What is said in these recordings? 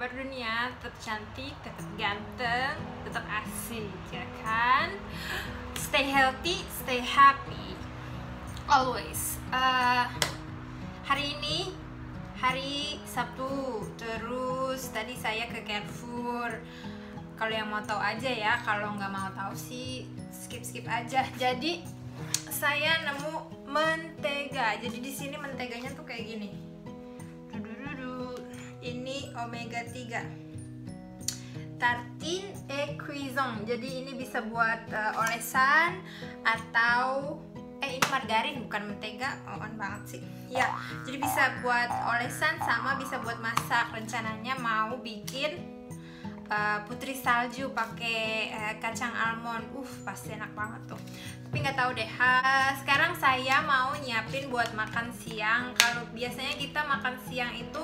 kabar dunia? Tetap cantik, tetap ganteng, tetap asik, ya kan? Stay healthy, stay happy, always. Uh, hari ini hari Sabtu, terus tadi saya ke Carrefour. Kalau yang mau tahu aja ya, kalau nggak mau tahu sih skip skip aja. Jadi saya nemu mentega. Jadi di sini menteganya tuh kayak gini omega 3 tartin e cuisson jadi ini bisa buat uh, olesan atau eh ini margarin bukan mentega oh, on banget sih ya jadi bisa buat olesan sama bisa buat masak rencananya mau bikin uh, putri salju pakai uh, kacang almond uh pasti enak banget tuh tapi nggak tahu deh ha, sekarang saya mau nyiapin buat makan siang kalau biasanya kita makan siang itu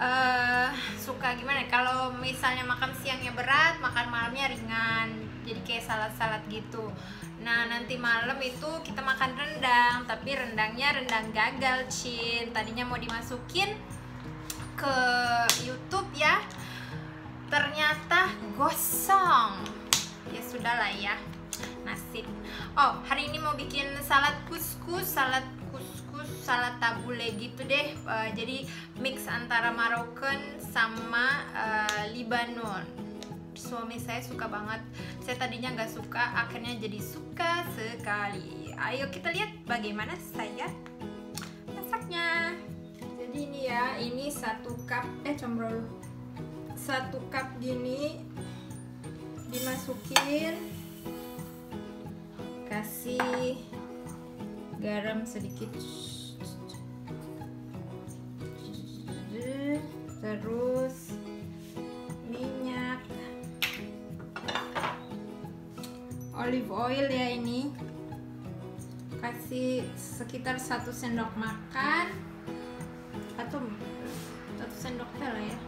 uh, suka gimana kalau misalnya makan siangnya berat makan malamnya ringan jadi kayak salad-salad gitu nah nanti malam itu kita makan rendang tapi rendangnya rendang gagal cin tadinya mau dimasukin ke YouTube ya ternyata gosong ya sudahlah ya nasib oh hari ini mau bikin salad kuskus salad salad tabule gitu deh uh, jadi mix antara Moroccan sama uh, Lebanon suami saya suka banget saya tadinya nggak suka akhirnya jadi suka sekali ayo kita lihat bagaimana saya masaknya jadi ini ya ini satu cup eh combrol satu cup gini dimasukin kasih garam sedikit terus minyak olive oil ya ini kasih sekitar satu sendok makan atau satu sendok teh lah ya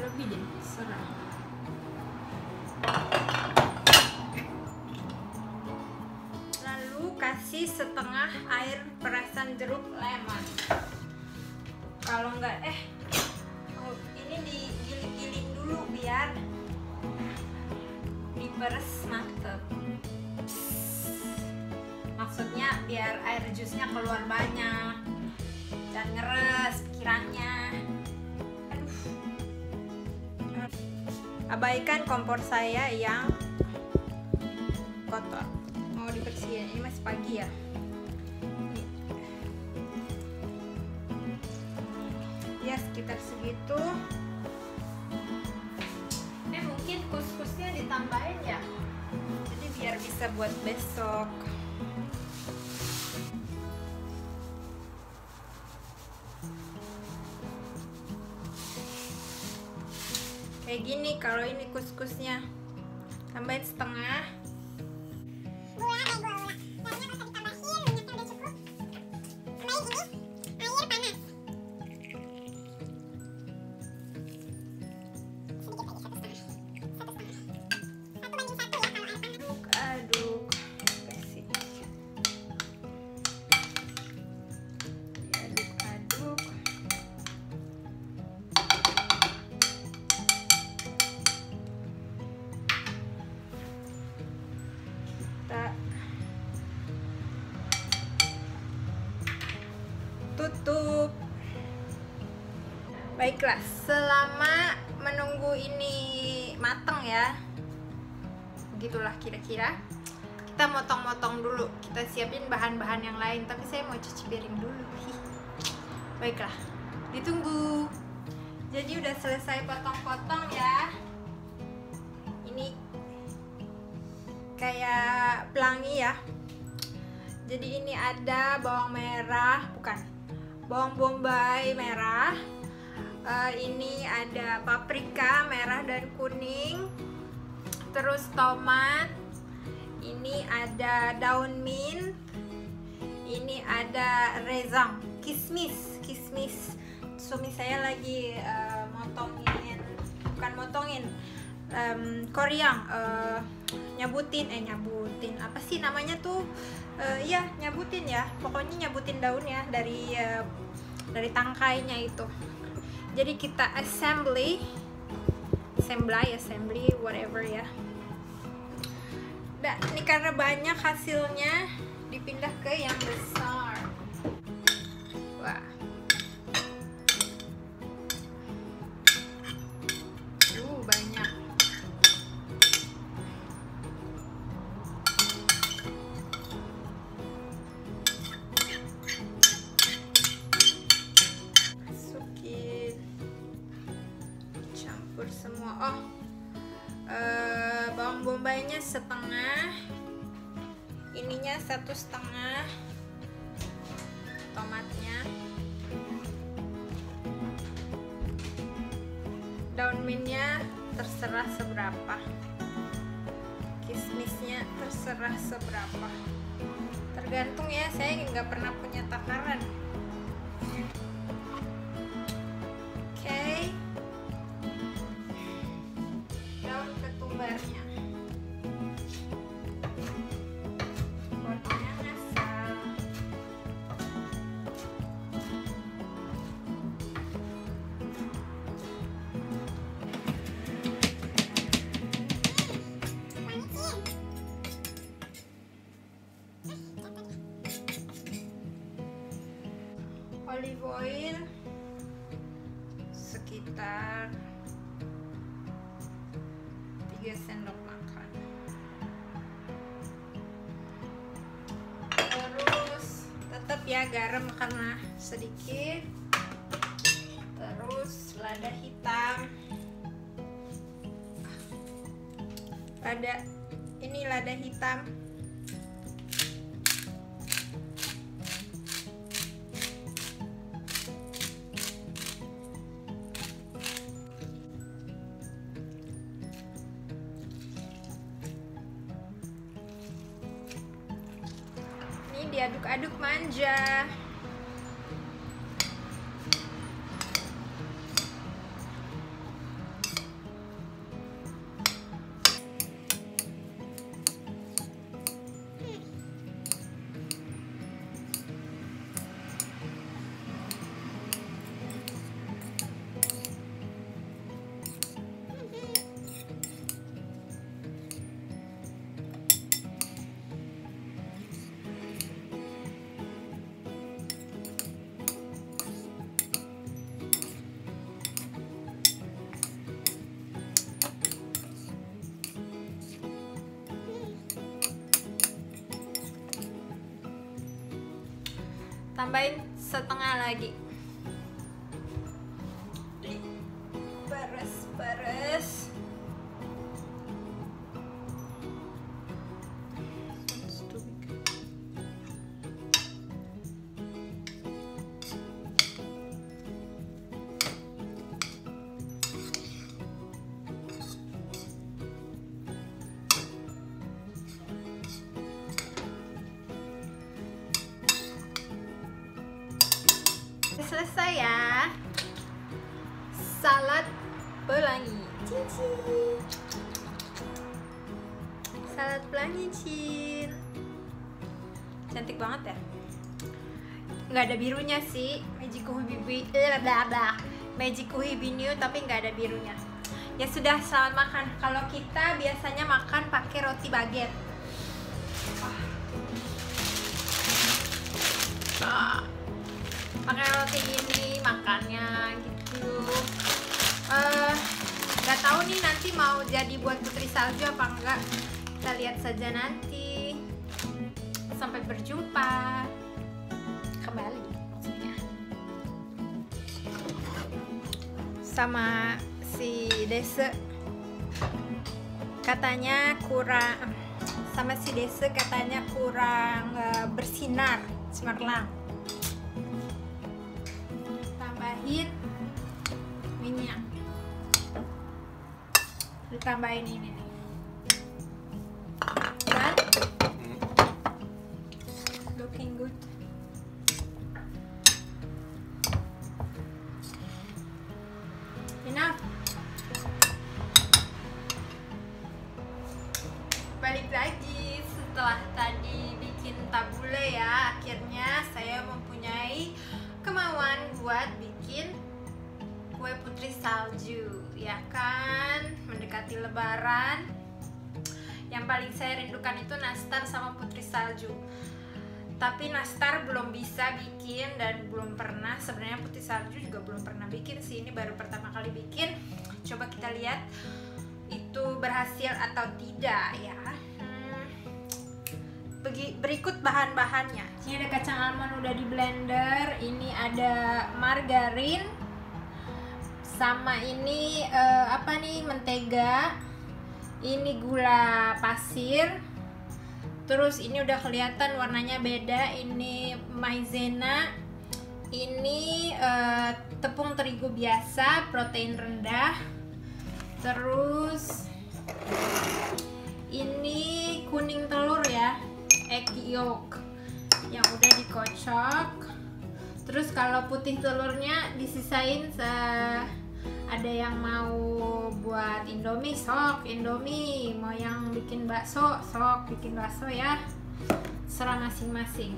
lebih deh serah lalu kasih setengah air perasan jeruk lemon kalau enggak eh beres mantep nah, maksudnya biar air jusnya keluar banyak dan ngeres pikirannya abaikan kompor saya yang kotor mau dibersihin ini masih pagi ya ya sekitar segitu kuskusnya ditambahin ya jadi biar bisa buat besok kayak gini kalau ini kuskusnya tambahin setengah tutup baiklah selama menunggu ini mateng ya gitulah kira-kira kita motong-motong dulu kita siapin bahan-bahan yang lain tapi saya mau cuci piring dulu baiklah ditunggu jadi udah selesai potong-potong ya ini kayak pelangi ya jadi ini ada bawang merah bukan bawang bombay merah uh, ini ada paprika merah dan kuning terus tomat ini ada daun mint ini ada rezang kismis kismis suami saya lagi uh, motongin bukan motongin um, uh, nyabutin eh nyabutin apa sih namanya tuh uh, ya nyabutin ya pokoknya nyabutin daun ya dari uh, dari tangkainya itu jadi kita assembly assembly assembly whatever ya nah, ini karena banyak hasilnya dipindah ke yang besar wah satu setengah tomatnya daun mintnya terserah seberapa kismisnya terserah seberapa tergantung ya saya nggak pernah punya takaran olive oil sekitar 3 sendok makan terus tetap ya garam karena sedikit terus lada hitam lada ini lada hitam diaduk-aduk manja tambahin setengah lagi nggak ada birunya sih Magic ada Hibibi eh, Magic Magiku New tapi nggak ada birunya ya sudah selamat makan kalau kita biasanya makan pakai roti baget ah. pakai roti ini makannya gitu eh, nggak uh, tahu nih nanti mau jadi buat putri salju apa enggak kita lihat saja nanti sampai berjumpa kembali iya. sama si Desa katanya kurang sama si Desa katanya kurang uh, bersinar cemerlang tambahin minyak ditambahin ini nih paling saya rindukan itu Nastar sama Putri Salju tapi Nastar belum bisa bikin dan belum pernah sebenarnya Putri Salju juga belum pernah bikin sih ini baru pertama kali bikin coba kita lihat itu berhasil atau tidak ya hmm, berikut bahan-bahannya ini ada kacang almond udah di blender ini ada margarin sama ini uh, apa nih mentega ini gula pasir terus ini udah kelihatan warnanya beda ini maizena ini uh, tepung terigu biasa protein rendah terus ini kuning telur ya egg yolk yang udah dikocok terus kalau putih telurnya disisain se ada yang mau buat indomie sok indomie mau yang bikin bakso sok bikin bakso ya serah masing-masing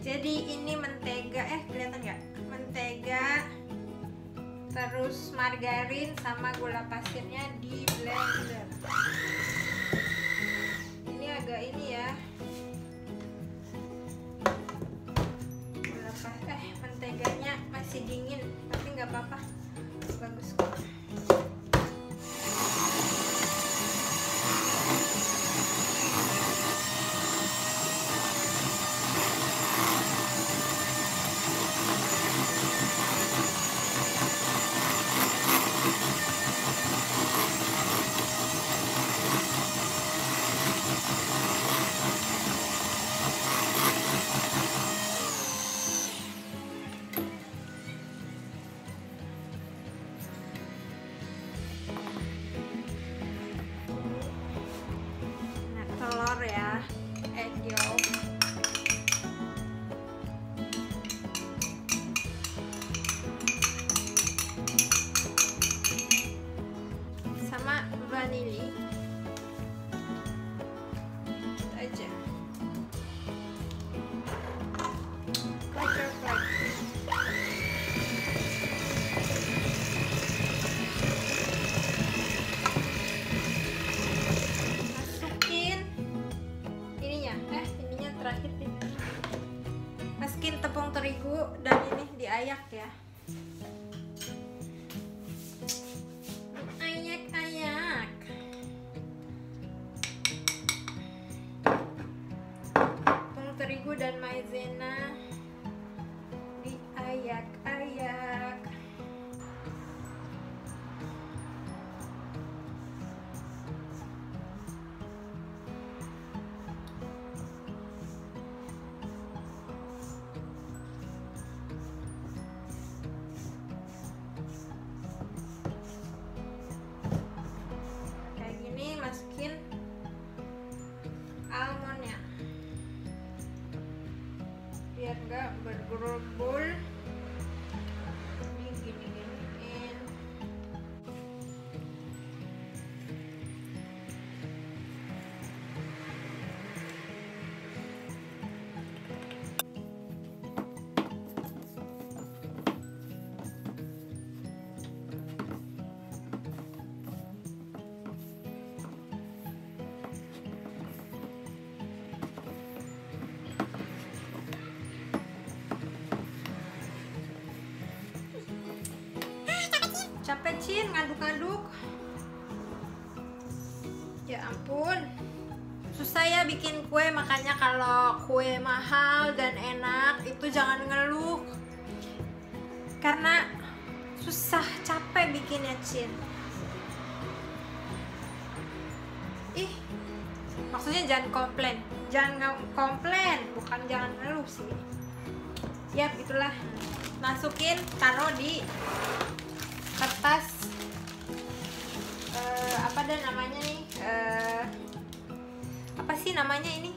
jadi ini mentega eh kelihatan nggak mentega terus margarin sama gula pasirnya di blender ini agak ini ya gula pasir eh menteganya masih dingin tapi nggak apa-apa Let's run dan maizena di ayak Cin ngaduk ngaduk ya ampun susah ya bikin kue makanya kalau kue mahal dan enak itu jangan ngeluh karena susah capek bikinnya Cin ih maksudnya jangan komplain jangan komplain bukan jangan ngeluh sih ya itulah masukin taruh di atas uh, eh, apa dan namanya nih uh, apa sih namanya ini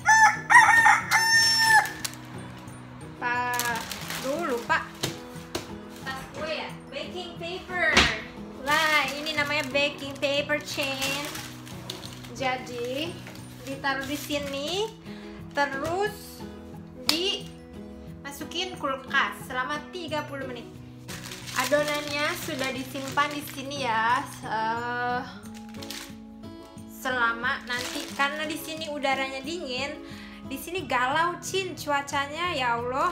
pak dulu lupa tas kue ya baking paper lah ini namanya baking paper chain jadi ditaruh di sini terus dimasukin kulkas selama 30 menit adonannya sudah disimpan di sini ya uh, selama nanti karena di sini udaranya dingin di sini galau cin cuacanya ya Allah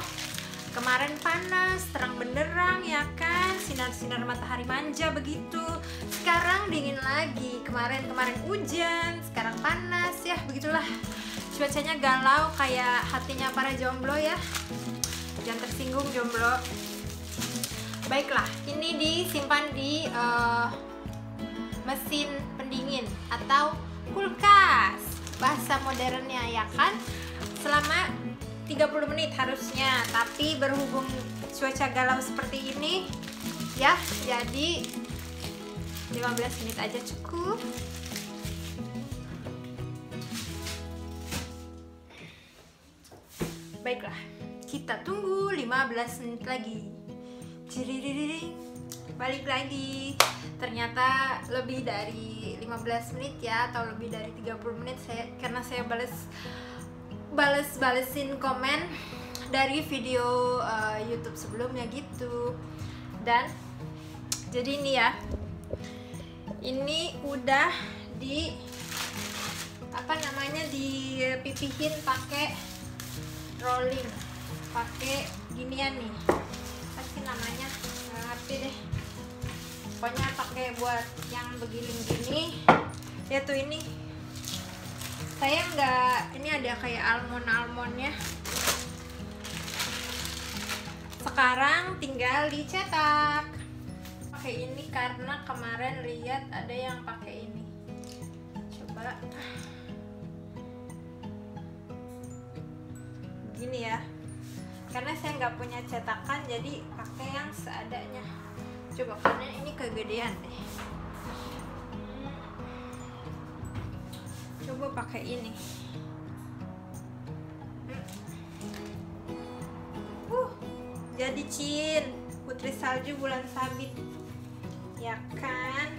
kemarin panas terang benderang ya kan sinar-sinar matahari manja begitu sekarang dingin lagi kemarin kemarin hujan sekarang panas ya begitulah cuacanya galau kayak hatinya para jomblo ya jangan tersinggung jomblo baiklah ini disimpan di uh, mesin pendingin atau kulkas bahasa modernnya ya kan selama 30 menit harusnya tapi berhubung cuaca galau seperti ini ya jadi 15 menit aja cukup baiklah kita tunggu 15 menit lagi Ciririri balik lagi ternyata lebih dari 15 menit ya atau lebih dari 30 menit saya karena saya bales bales balesin komen dari video uh, YouTube sebelumnya gitu dan jadi ini ya ini udah di apa namanya dipipihin pakai rolling pakai ginian nih namanya tapi deh pokoknya pakai buat yang begini-gini ya tuh ini saya nggak ini ada kayak almond almondnya sekarang tinggal dicetak pakai ini karena kemarin lihat ada yang pakai ini coba gini ya karena saya nggak punya cetakan jadi pakai yang seadanya coba karena ini kegedean deh coba pakai ini hmm. uh jadi cin putri salju bulan sabit ya kan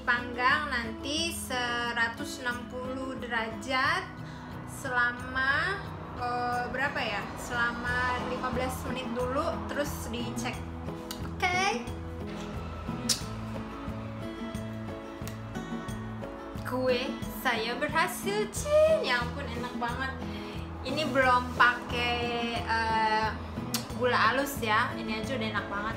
dipanggang nanti 160 derajat selama uh, berapa ya? Selama 15 menit dulu terus dicek. Oke. Okay. Kue saya berhasil, cin. Ya ampun enak banget. Ini belum pakai uh, gula halus ya. Ini aja udah enak banget.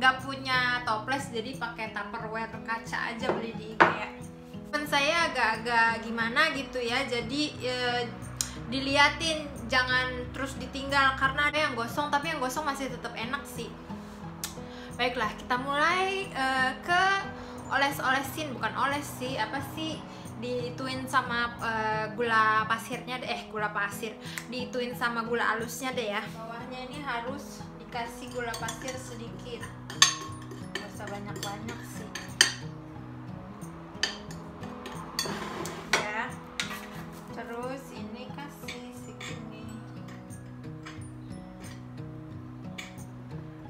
nggak punya toples jadi pakai tupperware kaca aja beli di IKEA temen saya agak-agak gimana gitu ya jadi e, diliatin jangan terus ditinggal karena ada yang gosong tapi yang gosong masih tetap enak sih baiklah kita mulai e, ke oles-olesin bukan oles sih apa sih diituin sama e, gula pasirnya deh eh gula pasir diituin sama gula halusnya deh ya bawahnya ini harus dikasih gula pasir sedikit nggak usah banyak banyak sih ya terus ini kasih segini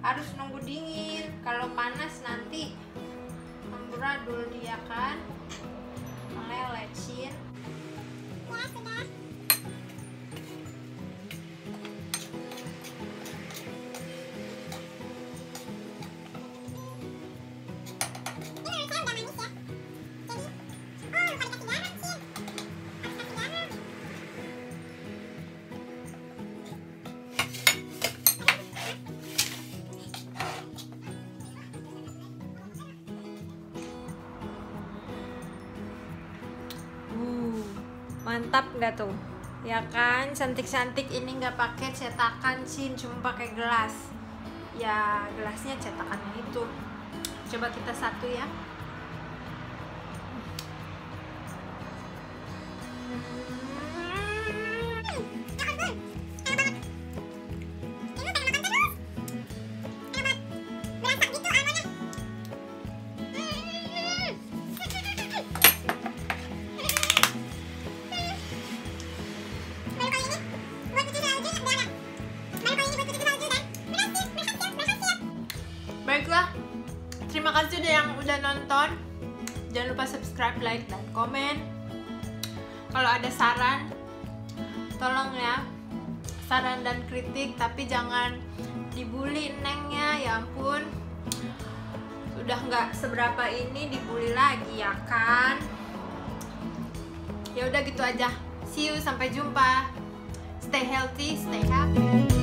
harus nunggu dingin kalau panas nanti amburadul dia kan Melelecin mantap nggak tuh ya kan cantik-cantik ini nggak pakai cetakan sin cuma pakai gelas ya gelasnya cetakan itu coba kita satu ya hmm. nonton jangan lupa subscribe like dan komen kalau ada saran tolong ya saran dan kritik tapi jangan dibully nengnya ya ampun sudah nggak seberapa ini dibully lagi ya kan ya udah gitu aja see you sampai jumpa stay healthy stay happy